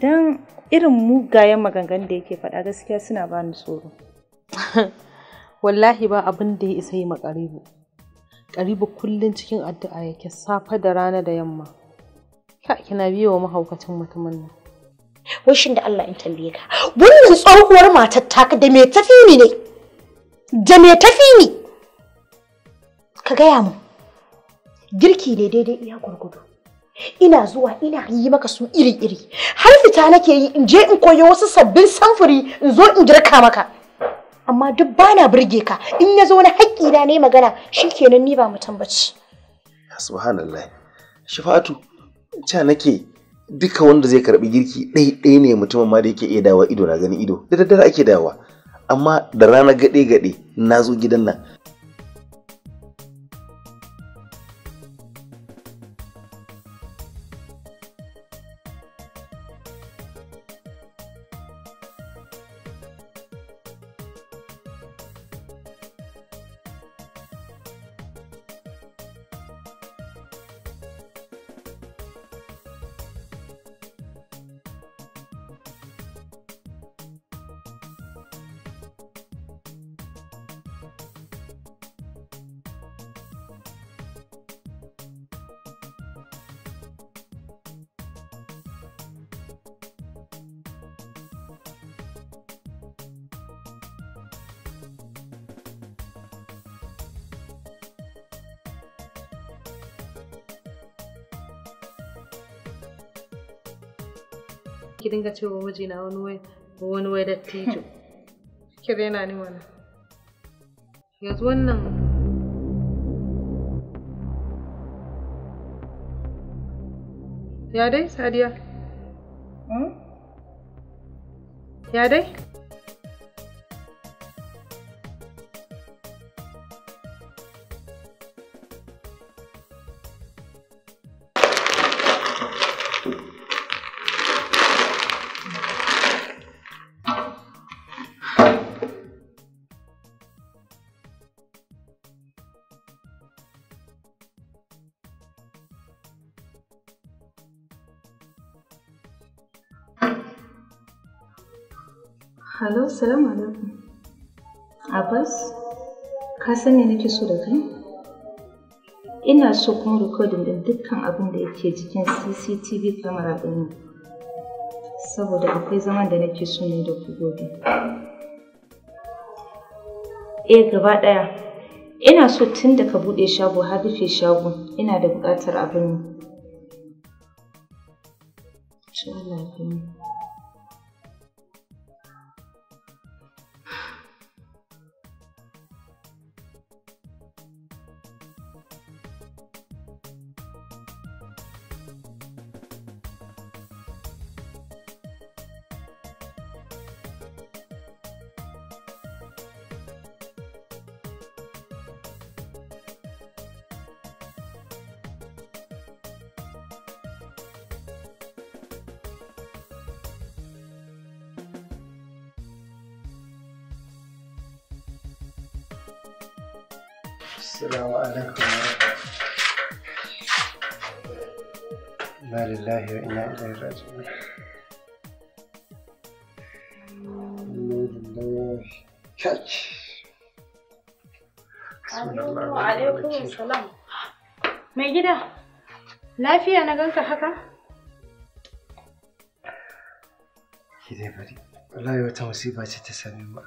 Idan irin mugayen maganganun da yake faɗa gaskiya suna ba ni tsoro wallahi ba abin da ya isa yi makaribu karibu kullum cikin addu'a yake safe da rana da yamma ka kina biyo wa mahaukacin mutumin nan washin da Allah in tambaye ka wannan tsohuwar matar taka da me tafi ni ne da me tafi ni ka gaya mu girki ne daidai iya gurgudu. ina zuwa ina yi maka su iri-iri har fita nake yi in je in koyi wasu sabbin samfuri in zo in girka maka amma duk bana burge ka in ya zo na haƙƙi na ne magana shikenan ni ba mutum bace subhanallah shafatu ca nake duka wanda zai karbi girki ɗai ɗai ne mutumin ma da yake iya dawa ido na gani ido da daddare ake dawa amma da rana gaɗe gaɗe na zo gidan nan ki dinga cewa na wani wai wani wai dattijo ki daina ni wannan yanzu wannan Ya dai, Sadiya? Hmm? Ya dai? Hello, salamu alaikum. Abbas, ka san me nake so da kai? Ina so kuma rikodin din dukkan abin da yake jikin CCTV camera ɗin nan. Saboda akwai zaman da nake so ne da ku gobe. Eh gaba ɗaya, ina so tun da ka buɗe shago har rufe shago ina da buƙatar abin. Allah lafiya. السلام عليكم Alaikum salam. Mai gida, lafiya na ganka haka? Ki dai bari. Wallahi wata masifa ce ta same mu.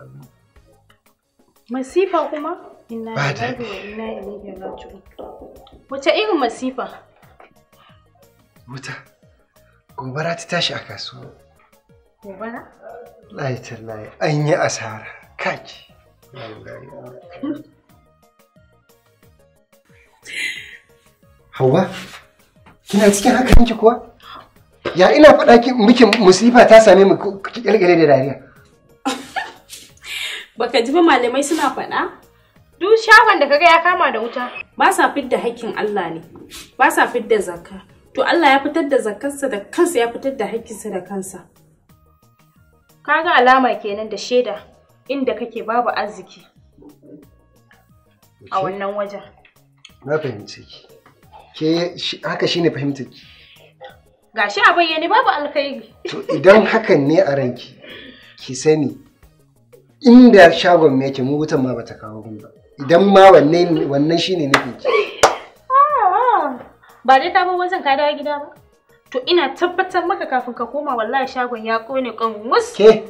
Masifa kuma? ba ta wace irin masifa wuta gobara ta tashi a kasuwa gobara layi tallahi an yi asara kaki Hauwa, kina cikin hankalinki kuwa? Ya ina faɗa ki miki musifa ta same mu ki kirkire da dariya. Baka ji ba malamai suna faɗa? Duk shagon da kaga ya kama da wuta. Ba sa fidda haƙƙin Allah ne, ba sa fidda zakka. To Allah ya fitar da zakkarsa da kansa ya fitar da haƙƙinsa da kansa. Kaga alama kenan da shaida inda kake babu arziki a wannan wajen. Na fahimci ki. Ke haka shine fahimtar ki. Gashi a bayyane babu alkhairi. To idan hakan ne a ranki, ki sani inda shagon me yake mu wutan ma bata kawo ba. idan ma wannan wannan shine nufin ki ah, ah. ba dai ta ba wajen ka dawo gida ba to ina tabbatar maka kafin ka koma wallahi shagon ya kone kan mus ke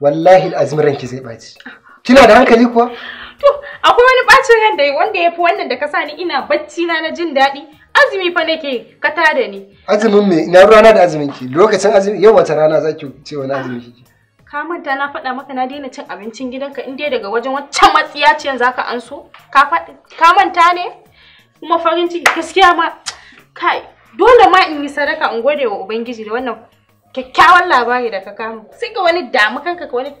wallahi azmiran ranki zai baci kina da hankali kuwa to akwai wani bacin ran da wanda yafi wannan da ka sani ina bacci na na jin daɗi azumi fa nake ka tada ni azumin me ina rana da azumin ki lokacin azumi yau wata rana zaki ce wani azumi kike Ka manta na faɗa maka na daina cin abincin gidanka in dai daga wajen waccan matsiya ce yanzu ka an so? Ka manta ne? Kuma farin ciki gaskiya ma kai dole ma in yi sadaka in gode wa Ubangiji da wannan kyakkyawan labari da ka kama. Sai ka wani damu kanka ka wani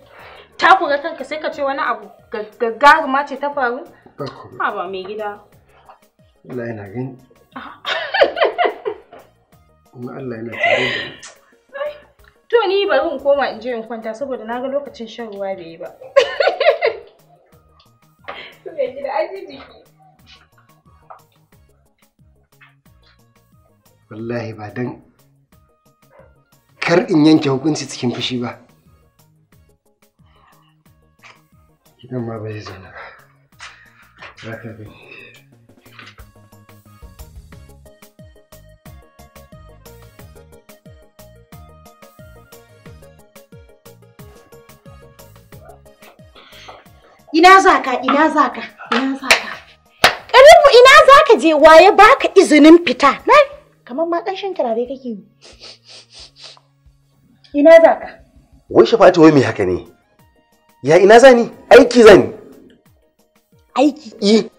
takura kanka sai ka ce wani abu gaggaruma ce ta faru? Ha ba mai gida. Allah yana gani. Ah. Kuma Allah yana tare da To ni bari in koma in je in kwanta saboda na ga lokacin shan ruwa bai yi ba. Wallahi ba dan kar in yanke hukunci cikin fushi ba. Gidan ma bai na ba. ka Ina za ka? Ina za ka? Ina za ka? Karibu ina za ka je waye baka izinin fita? Na kamar ma ƙanshin turare kake yi. Ina za ka? Wai ta wai me haka ne? Ya ina za ni? Aiki za ni. Aiki? Eh.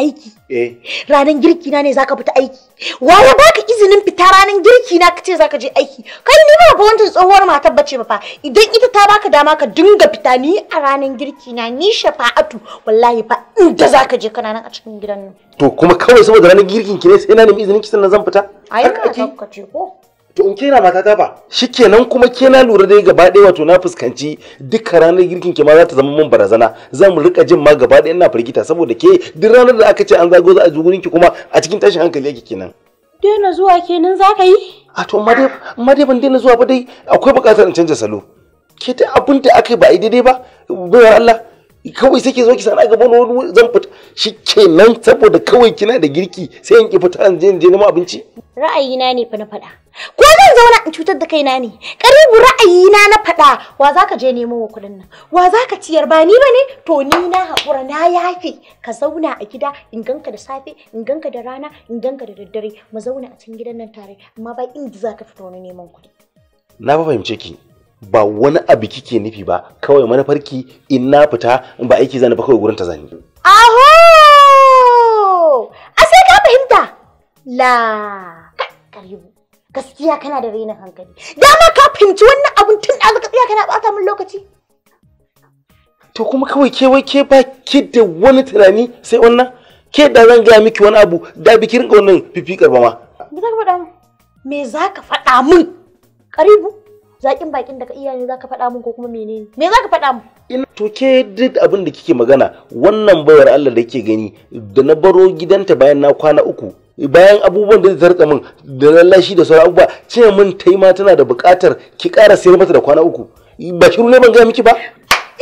aiki eh. ranar girki na ne zaka fita aiki waye baka izinin fita ranar girki na kace zaka je aiki kai ni ba fa wancan tsohuwar matar bace ba fa idan ita ta baka dama ka dinga fita ni a ranan girki na ni shafa'atu wallahi fa inda zaka je kana nan a cikin gidan nan to kuma kawai saboda ranar girkin ki ne sai na nemi izinin ki sannan zan fita ai ka ce ko to in kina mata ta ba shikenan kuma kena lura dai gaba ɗaya wato na fuskanci duka ranar girkin ke ma za ta zama mun barazana za mu rika jin ma gaba ɗaya ina firgita saboda ke duk ranar da aka ce an zago za a ji gurin ki kuma a cikin tashin hankali yake kenan daina zuwa kenan za ka yi a to ma dai dai ban daina zuwa ba dai akwai buƙatar in canja salo ke ta abin da aka ba a yi daidai ba bayar Allah kawai sai ke zo ki sana gaba wani zan fita shi kenan saboda kawai kina da girki sai in ki fita in je in je abinci ra'ayina ne fa na faɗa ko zan zauna in cutar da kaina ne karibu ra'ayina na faɗa wa zaka je nemo wa kuɗin nan wa zaka ciyar ba ni bane to ni na hakura na yafi ka zauna a gida in ganka da safe in ganka da rana in ganka da daddare mu zauna a cikin gidan nan tare amma ba inda zaka fita wani neman kuɗi na ba fahimce ki ba wani abu kike nufi ba kawai farki in na fita in ba aiki zani ba kawai gurin ta zani aho a sai ka fahimta la karibu gaskiya kana da rainin hankali dama ka fahimci wannan abun tun da ka kana bata min lokaci to kuma kawai ke wai ke ba ki da wani tunani sai wannan ke da zan gaya miki wani abu da bikin rinka wannan fifikar ba ma me za ka faɗa min karibu zakin bakin daga iyaye zaka faɗa mun ko kuma menene me zaka faɗa mu in to ke duk abin da kike magana wannan bayar Allah da kike gani da na baro gidanta bayan na kwana uku bayan abubuwan da ta rika min da lallashi da sauran abubuwa ce min tai ma tana da buƙatar ki ƙara sayar mata da kwana uku ba ne ban ga miki ba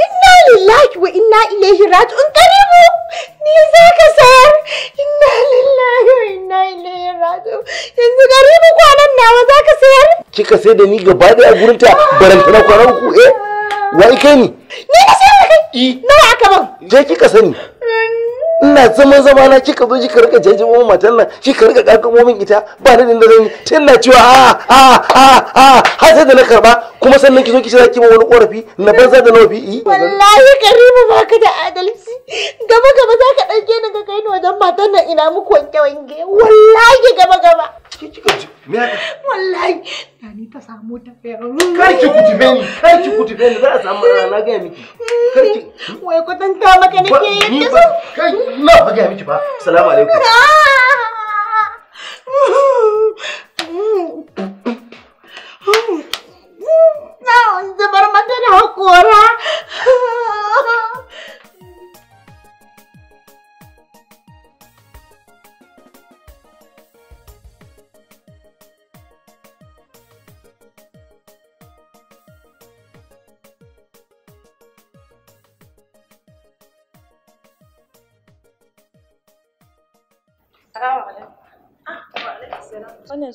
inna lillahi wa inna ilaihi raji'un karibu ni zaka kika sai da ni gaba daya gurin ta baranta na kwaran ku eh wai kai ni ni ka sai kai nawa aka ban je kika sani ina zaman zama na kika zo kika rika jajjabo matan nan shi ka rika kakamo momin ita ba ni da zan yi tun na cewa a ah, a ah, a ah, a har sai da na karba kuma sannan ki zo ki ce ki ba wani korafi na banza da nawa bi'i wallahi karimu ba ka da adalci gaba gaba za ka ɗauke ni ka kai ni wajen matan nan ina muku wanke wanke wallahi gaba gaba wallahi na ni ta samu ta kar ki kutube ni kar ki kutube ni za a samu rana na gaya miki kar ki wai kwatanta maka nake yadda so kai Allah ba ga miki ba assalamu alaikum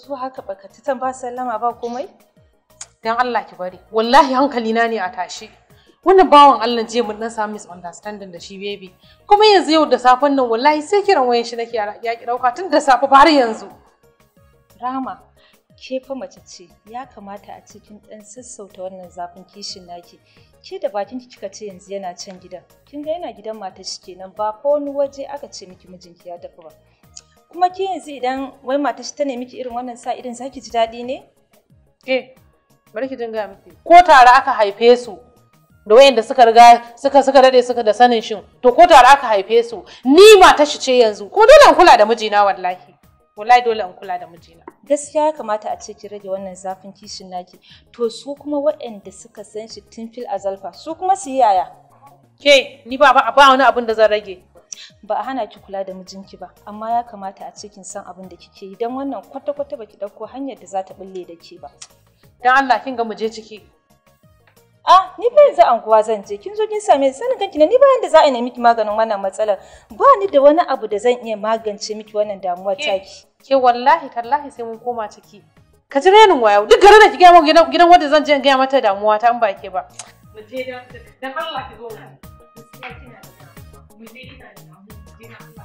su haka baka tan ba sallama ba komai dan Allah ki bari wallahi hankali na ne a tashi wannan bawan Allah je mun dan samu misunderstanding da shi baby kuma yanzu yau da safen nan wallahi sai kiran wayan shi nake ya ki dauka tun da safe har yanzu Rama ke fa mace ce ya kamata a cikin dan sassauta wannan zafin kishin naki ke da bakin ki kika ce yanzu yana can gidan kin ga yana gidan matar shi kenan ba ko wani waje aka ce miki mijinki ya tafi ba Kuma ke yanzu idan wai matar ta nemi ki irin wannan sa idan zaki ji daɗi ne? Eh, bari ki dinga miki. Ko tare aka haife su da wayanda suka riga suka suka dade suka da sanin shin to ko tare aka haife su ni mata shi ce yanzu ko dole in kula da mijina wallahi. wallahi dole in kula da mijina. Gaskiya ya kamata a ce ki rage wannan zafin kishin naki. To su kuma waɗanda suka san shi tun fil azalfa su kuma su yaya. Ke ni ba ba wani abin da zan rage. ba a hana ki kula da mijinki ba amma ya kamata a cikin san abin da kike yi don wannan kwata-kwata baki dauko hanyar da za ta bulle da ke ba Don Allah kin ga mu je ciki ah ni fa yanzu anguwa zan je kin zo kin same sanin kanki ne ni bayan da za a nemi miki maganin wannan matsalar ba ni da wani abu da zan iya magance miki wannan damuwar taki ke wallahi tallahi sai mun koma ciki ka ji renin waya duk garin da ki gaya gidan wanda zan je in gaya mata damuwa ta in ba ke ba mu je dan Allah ki zo mu 물들이다니까 물들이는 거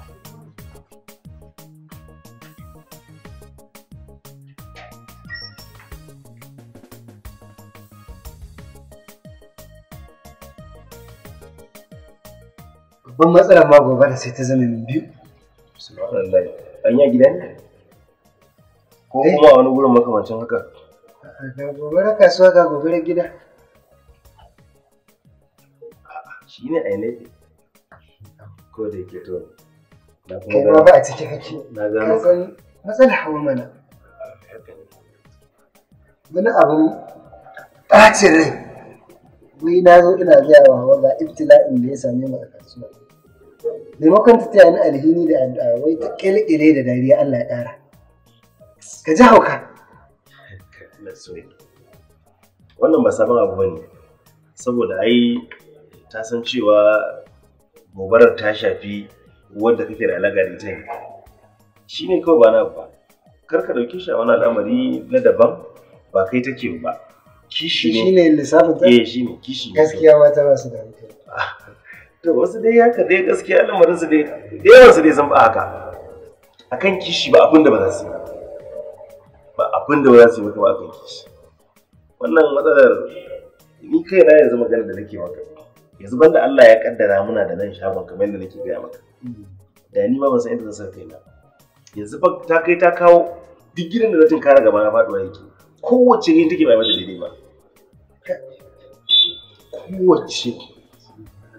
babban matsalar ma sai ta zama min biyu. Subhanallah. An ne? Ko eh. kuma wani gurin makamancin haka? Ga kasuwa ga gida. Shi ne a ko da yake to kai ma ba a ciki kake ka san matsala hawa mana wani abin ɓacin rai wai na zo ina gaya wa hawa ga ibtila'in da ya same mu a kasuwa maimakon ta taya ni alhini da addu'a wai ta ƙilƙile da dariya Allah ya ƙara ka ji hauka wannan ba sabon abu ne, saboda ai ta san cewa gobarar ta shafi wanda kake da alaƙa da ita shi ne kawai ba na ba kar ka ɗauki shi a wani al'amari na daban ba kai take ba kishi ne shi ne lissafin ta eh shi ne kishi ne gaskiya ma ta su da to wasu dai haka dai gaskiya al'amarin su dai da yawan su dai san ba haka akan kishi ba abin da ba za su yi ba abin da ba za su yi ba kamar akan kishi wannan matsalar ni kai na yanzu magana da nake maka yanzu banda Allah ya kaddara muna da nan shagon kamar yadda nake gaya maka da ni ma ban san inda zan kai na. yanzu ba ta kai ta kawo duk gidan da zatin kara gaba na faduwa yake kowace ne take bai mata daidai ba kowace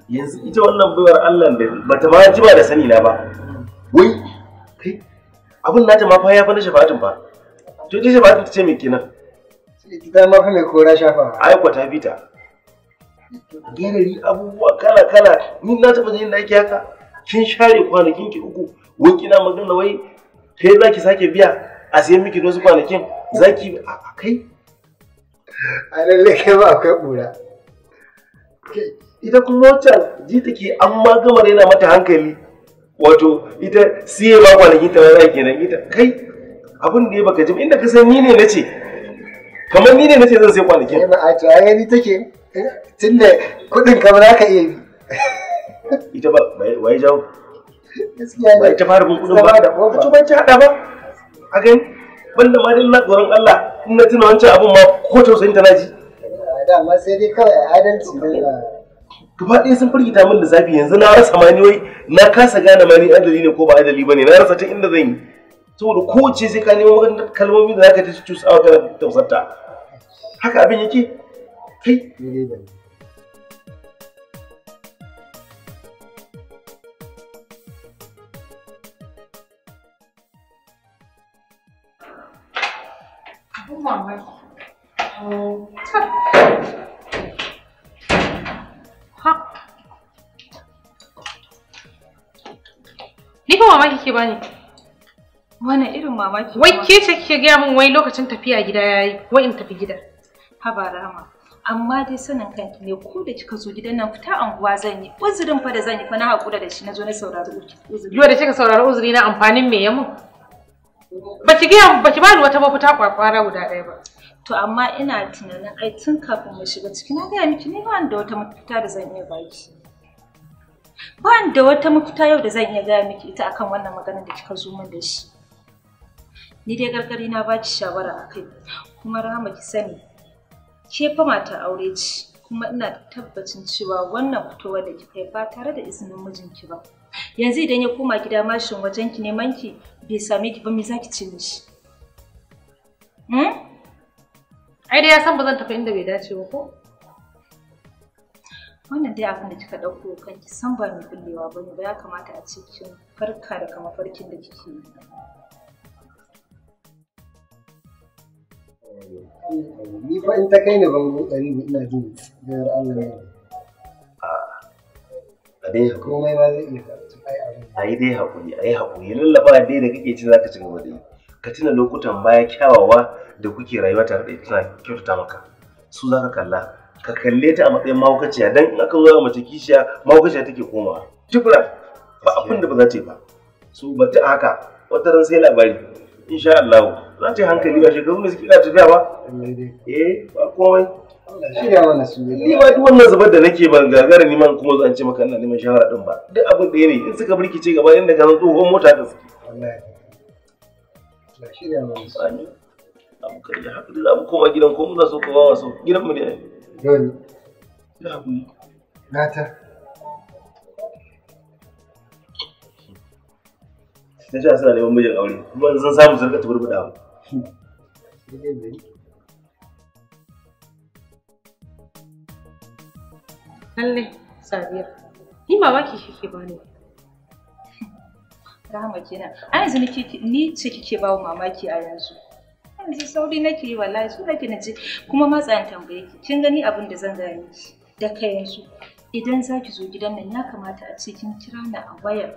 yanzu ita wannan baiwar Allah ba ta ma ji ba da sani na ba wai kai abin nata ma fa ya fa na shafa'atin fa to ita shafa'atin ta ce me kenan sai ita ma fa mai kora shafa ai ko ta fita gerari abubuwa kala kala ni na taba jin da haka kin share kwanakin ki uku wai kina magana wai kai za ki sake biya a sayan miki wasu kwanakin za ki a kai a lalle kai ba akwai ƙura ita kuma wacce ji take an ma gama raina mata hankali wato ita siye ba kwanakin ta za kenan ita kai abin da ya baka jim inda ka san ni ne na ce kamar ni ne na ce zan sai kwanakin yana a to ai ni take tunda kuɗin kamar za ka iya yi. ita ba wai jawo ba ita fara bin kuɗin ba da ba ta banci haɗa ba a gani banda ma dai tsoron Allah in na tuna wancan abun ma ko tausayin ta naji dama sai dai kawai adalci ne gaba ɗaya sun firgita min da zafi yanzu na rasa ma ni wai na kasa gane ma ni adali ne ko ba adali ba ne na rasa ta inda zan yi saboda kowace sai ka neman kalmomi da zaka ta cusa wa kana tausarta haka abin yake kai daidai da ni mamaki ke bani. Wani irin mamaki. Wai ke ce kike gaya min wai lokacin tafiya gida yayi, wai in tafi gida. Haba rama. amma dai sanin kanki ne ko da kika zo gidan nan fita anguwa zan yi uzurin fa da zan yi fa na haƙura da shi na zo na saurari uzuri yau da kika saurari uzuri na amfanin me yamu ba ki ga ba ki bani wata mafita kwakwara guda ɗaya ba to amma ina tunanin ai tun kafin mu shiga ciki na gaya miki ne ba da wata mafita da zan iya baki ba da wata mafita yau da zan iya gaya miki ita akan wannan magana da kika zo min da shi ni dai gargari na ba ki shawara akai kuma rahama ki sani Ke fa mata aure ce, kuma ina tabbacin cewa wannan fitowar da kika yi ba tare da izinin mijinki ba. Yanzu idan ya koma gida mashin wajen ki neman ki bai same ki ba me zaki ce mishi? Hmm? Ai dai ya san ba zan tafi inda bai dace ba ko? Wannan dai abin da kika ɗauko kanki san ba mai kullewa ba ne ba ya kamata a cikin kin farka daga mafarkin da kike yi. Ni fa in ta kai ɗari ina jin gayar Allah ne. A dai haƙuri. Komai ma zai iya A yi dai haƙuri, a yi haƙuri. Lallaba dai da kake ci za ka ci gaba da yi. Ka tuna lokutan baya kyawawa da kuke rayuwa tare da ita kyautata maka. Su za ka kalla. Ka kalle ta a matsayin mahaukaciya don in aka zo mace kishiya mahaukaciya take komawa. Tukura ba abin da ba za ta yi ba. Su ba ta haka wata ran sai labari. Insha Allah. za hankali ba shekaru da suke ina tafiya ba eh ba komai shirya mana su ni ba duk wannan zubar da nake ban gagara ni man kuma zan ce maka ina neman shawara din ba duk abin da yake in suka birkice gaba inda ka san tsohon mota ta suke wallahi shirya mana su amin abu kai ya haƙuri za mu koma gidan ko muna so ko ba so gidan mu ne yau ya haƙuri gata na sha suna neman mijin aure kuma sun samu sun ka tabar ba. Lallai, Sadiya, ni mamaki ke bani. Rahama kenan. A yanzu ni ce kike ba mamaki a yanzu. Yanzu sauri nake yi wallahi su nake na ce kuma matsayin tambaye ki. Kin gani abin da zan gaya miki da kai yanzu. Idan za ki zo gidan nan ya kamata a ce kin kira ni a wayar.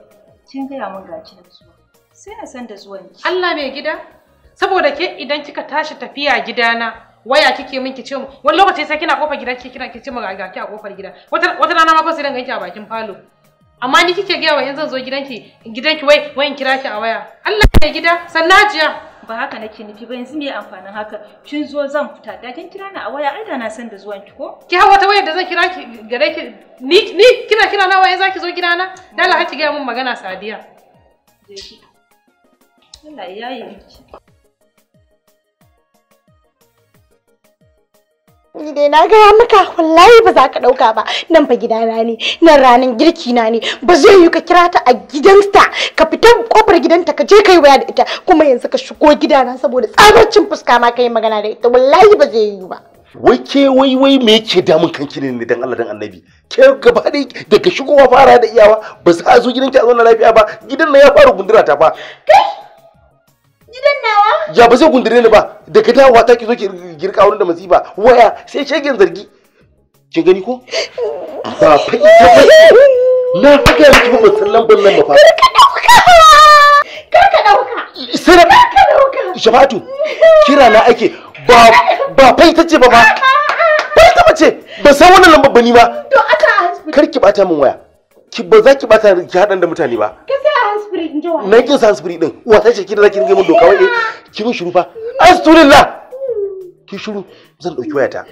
Kin gaya min ga ki zuwa. Sai na san da zuwan ki. Allah mai gida. saboda ke idan kika tashi tafiya gidana waya kike min ki ce mu wani lokaci sai kina kofar gidan ki kina ki ce mu ga ki a kofar gida wata rana ma ko sai dan ganki a bakin falo amma ni kike ga wayan zan zo gidanki gidanki wai in kira ki a waya Allah ya gida sannajiya ba haka nake nufi ba yanzu me amfanin haka kin zo zan fita da kin kira ni a waya ai da na san da zuwan ki ko ki hawa ta wayar da zan kira ki gare ki ni ni kina kira na waya zaki zo gidana? dala haki ga mun magana sadiya Allah ya yi miki ni dai na gaya maka wallahi ba za ka ɗauka ba nan fa gidana ne nan ranar girki na ne ba zai yi ka kira ta a gidanta ka fita kofar gidanta ka je ka yi waya da ita kuma yanzu ka shigo gidana saboda tsabarcin cin fuska ma ka yi magana da ita wallahi ba zai yi ba. wai ke wai wai me yake damun kanki ne dan Allah dan Annabi ke gaba dai daga shigowa fara da iyawa ba za a zo gidanki a zauna lafiya ba gidan na ya fara gundura ta fa. kai Gidan nawa? Ya ba zai gundure ni ba. Da ka ta ki zo ki girka wurin da masifa. Waya sai shegen zargi. Ki gani ko? Ba fa ta ba. Na miki ba musallan kira na ake ba ba ce ba ba. Ba ce. Ba san wannan lambar ba ni ba. To aka Kar ki bata min waya. Ki ba za ki bata ki hadan mutane ba. hanspiri in ji wa me yake hanspiri din uwa ta ce ki da zaki ringa min doka wai eh, ki mun shiru fa astulillah ki shiru zan dauki wayata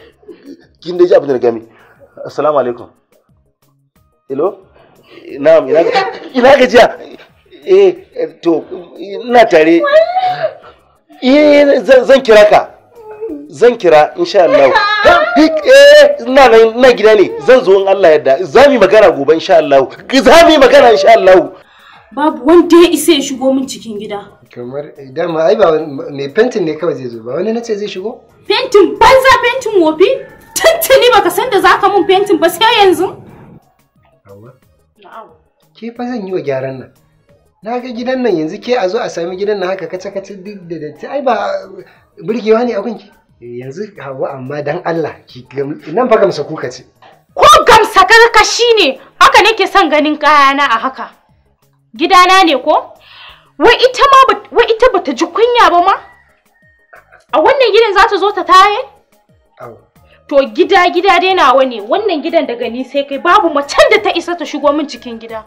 kin da ji abin da na gami assalamu alaikum hello na'am ina ina jiya? eh to ina tare eh zan kira ka zan kira insha Allah eh, ina nan ina gida ne zan zo in Allah yadda za mu magana gobe insha Allah za mu magana insha Allah babu wanda ya isa ya shigo min cikin gida. Kamar eh, dama ai ba mai fentin ne kawai zai zo ba wani nace zai shigo? Fentin banza fentin wofi? Tantani baka san da zaka mun fentin ba sai yanzu? Awa. Na'am. Ke fa zan yi wa gyaran nan. Na ga gidan nan yanzu ke a zo a sami gidan nan haka kace kace duk da datti ai ba eh, burgewa ne a gunki. Eh, yanzu hawa amma dan Allah ki nan fa gamsa kuka ce. Ko gamsa karkashi ne haka nake son ganin kayana a haka. Gidana ne ko? Wai ita ma wai bata ji kunya ba ma? A wannan gidan za ta zo ta tare? To gida gida dai nawa ne, wannan gidan daga ni sai kai babu macen da ta isa ta shigo min cikin gida.